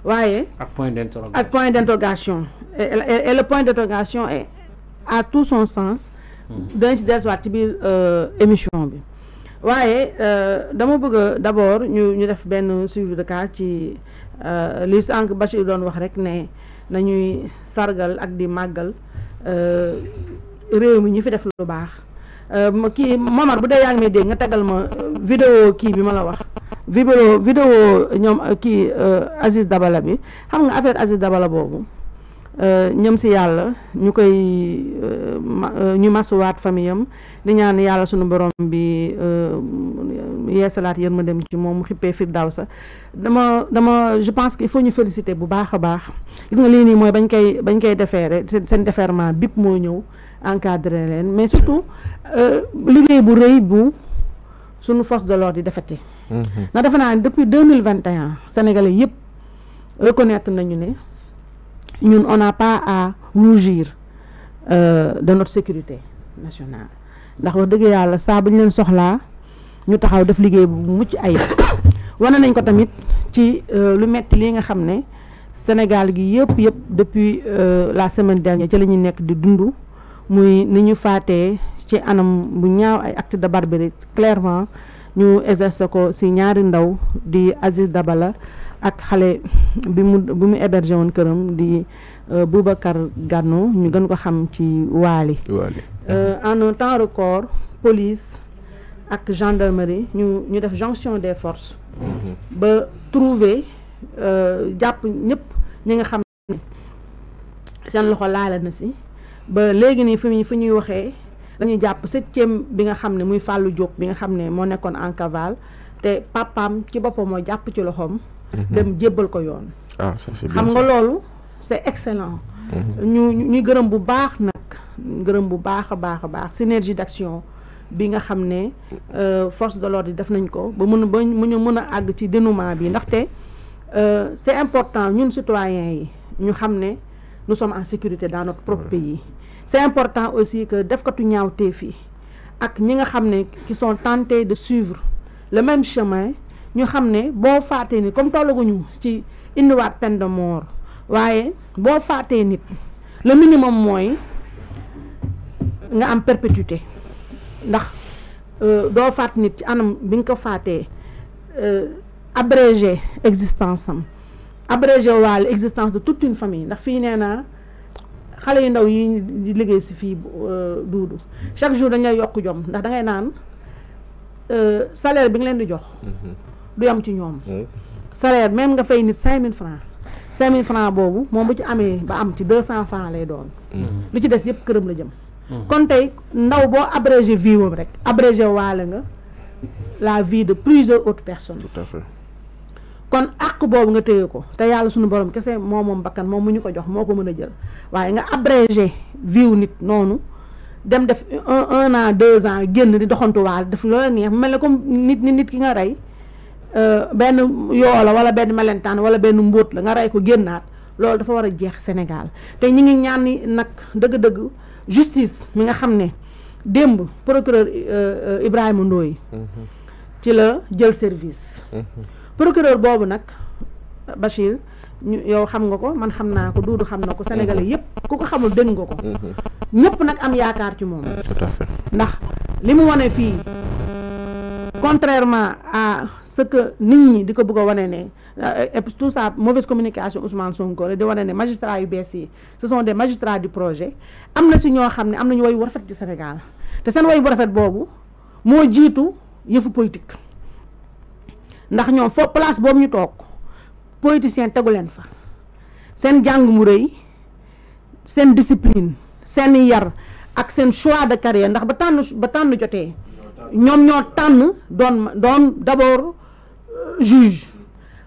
Why? ak point d'interrogation et le point d'interrogation est à tout son sens mm-hmm. dans cette euh, émission bi euh, d'abord ñu suivi de cas euh, sargal ak di mi ñu fi def lu baax nga ma vidéo ki bi ma vidéo vidéo ñoom euh, kii euh, Aziz Dabala bi xam nga affaire Aziz Dabala bobu euh ñom ci Yalla ñukay ñu euh, wat famiyam di ñaan Yalla suñu borom bi yeesalaat yéen ma dem ci mom xippé firdausa dama dama je pense qu'il faut ñu féliciter bu baaxa baax gis nga li ni moy bañ kay bañ kay defeere sen déferment bip mo ñew encadrer len mais surtout bu reuy bu sunu force de l'ordre di defati Mhm. na defe depuis deux mille vingt et un sénégalais yëpp reconnaître nañu ne ñun on n'a pas à rougir euh, de notre sécurité nationale ndax wax dëgg yàlla saa bu leen soxlaa ñu taxaw def liggéey bu mucc ayib wane nañ ko tamit ci euh, lu metti li nga xam Sénégal gi yëpp yëpp depuis euh, la semaine dernière ci la ñuy nekk di dund muy ni ñu faatee ci anam bu ñaaw ay acte de barbarie clairement ñu exercer ko ci ñaari ndaw di Aziz Dabala ak xale bi mu bi mu hébergé woon këram di euh, Boubacar Gano ñu gën ko xam ci Waali euh, en un temps record police ak gendarmerie ñu ñu def jonction des forces mm-hmm. ba trouver euh, jàpp ñëpp ñi nga xam seen loxo laala na si ba léegi nii fi ñuy waxee dañuy 7 septième bi nga xamné muy Fallou Diop bi nga xamné mo moo en cavale té papam ci bopam mo japp ci loxoom. Mhm. dem djébal ko yoon. ah ça c'est bien xam nga lolu c'est excellent. Mhm. ñu ñu gëreum bu baax nak gëreum bu baaxa baaxa baax synergie d'action bi nga xamné euh, force de l'ordre def nañ ko ba mëna mëna ñu mën ci dénouement bi euh, c'est important ñun citoyens yi ñu xamné nous sommes en sécurité dans notre propre pays c'est important aussi que defkatu ñaawteef fi ak ñi nga xamné ne qui sont tentés de suivre le même chemin ñu xamné bo faté ni nit comme tollaguñu ci indiwaat peine de mort waaye bo faté nit le minimum moy nga am perpétuité ndax euh, do fat nit ci anam bi nga faté euh abrégé existence am abrégé wal existence de toute une famille ndax fi néna xalé yu ndaw yi di liggéey ci fii euh, duudu chaque jour dañ lay yokk jom ndax da ngay naan euh, salaire bi nga leen di jox mhm. du yam ci ñoom salaire même nga fay nit 5000 francs 5000 francs boobu moom bu ci amee ba am ci 200 francs lay doon mhm. lu ci des yépp kërëm la jëm mhm. kon tey ndaw boo abrégé vie wam rek abrégé waale nga la vie de plusieurs autres personnes tout à fait kon àq boobu nga téye ko te yàlla suñu borom kese moo moom mbakkan moom mu ñu ko jox moo ko mën a jël waaye nga abrégé viw nit noonu dem def un un an deux ans génn di doxantuwaal def loola neex mel ne comme nit ni nit ki nga rey euh, benn yoo la wala benn melentaan wala benn mbóot la nga rey ko génnaat loolu dafa war a jeex Sénégal te ñi ngi ñaan ni nag dëgg-dëgg justice mi nga xam ne démb procureur euh, euh, Ibrahima Ndoye mm-hmm. ci la jël service mm-hmm. procureur boobu nag Bachir ñu yow xam nga ko man xam naa ko Doudou xam na ko sénégalais mhm. yépp ku ko xamul dégg nga ko mhm. ñépp nag am yaakaar ci moom tout à ndax li mu wane fii contrairement a ce que nit ñi di ko bëgg a wane ne euh, et tout ça mauvaise communication Ousmane Sonko la di wane ne magistra yu bees yi ce sont des magistrats du projet am na si ñoo xam ne am nañu woy bu rafet ci Sénégal te seen woy rafet boobu moo jiitu yëfu politique ndax ñom fo place bo mu tok politicien tegu len fa sen jang mu reuy sen discipline sen yar ak sen choix de carrière ndax ba tan ba tan jotee ñom ñoo tan don don d'abord euh, juge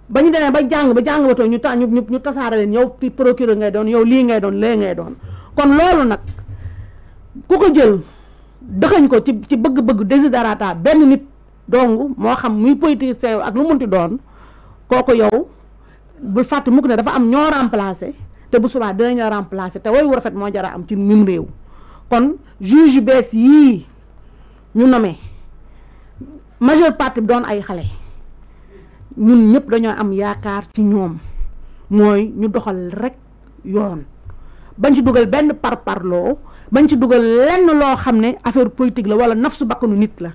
ba déné ba jang ba jang ba to ñu tan ñu ñu tassara len yow ti procureur ngay don yow li ngay don le ngay don kon lolu nak ku ko jël dëxañ ko ci ci bëgg-bëgg desiderata beni. nit dong moo xam muy politicien ak lu munti doon kooku yow bul fàtte mukk ne dafa am ñoo remplacé te bu subaa dinañoo remplacé te way wu rafet moo jara am ci mim réew kon juge bees yii ñu nommé majeure partie bi doon ay xale ñun ñëpp dañoo am yaakaar ci ñoom mooy ñu doxal rek yoon bañ ci dugal benn par parloo bañ ci dugal lenn loo xam ne affaire politique la wala nafsu bakkanu nit la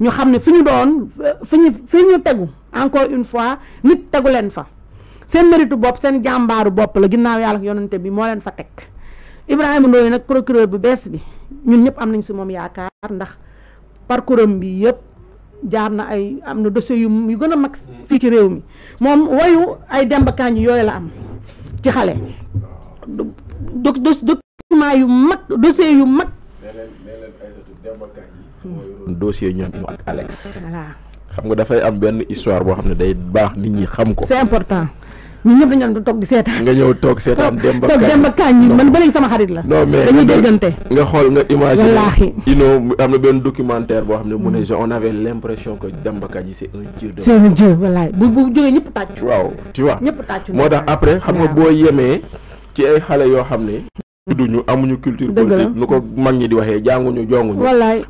ñu xam fiñu fini doon fiñu fiñu teggu tegu encore une fois nit tegu len fa Sen méritu bop sen jambaru bop la ginnaw yalla ak yonenté bi mo len fa tek ibrahim ndoy nak procureur bu bes bi ñun ñep am nañ si mom yaakar ndax parcours bi yep jaar na ay am dossier yu yu gëna max fi ci réew mi mom wayu ay kañ yoy la am ci xale ma yu mag dossier yu mag dossier ñoom ak Alex. xam nga da fay am ben histoire bo xamne day bax nit ñi xam ko. c'est important ñi ñëpp dañu doon toog di seetaan. nga ñëw toog seetaan Demba Kañ toog Demba Kañ man ba sama xarit la. non mais dañuy déggante. nga xol nga imagine wallaahi ino amna ben documentaire bo xamne ne mu ne mm. on avait l'impression que Demba Kañ c'est un dieu. c'est un dieu wallahi bu bu jógee ñëpp tàccu. waaw tu vois ñëpp tàccu. moo après xam nga bo yémé ci ay xalé yo xam mm. duñu amuñu culture politique nu ko mag ñi di waxé jànguñu jonguñu. wallahi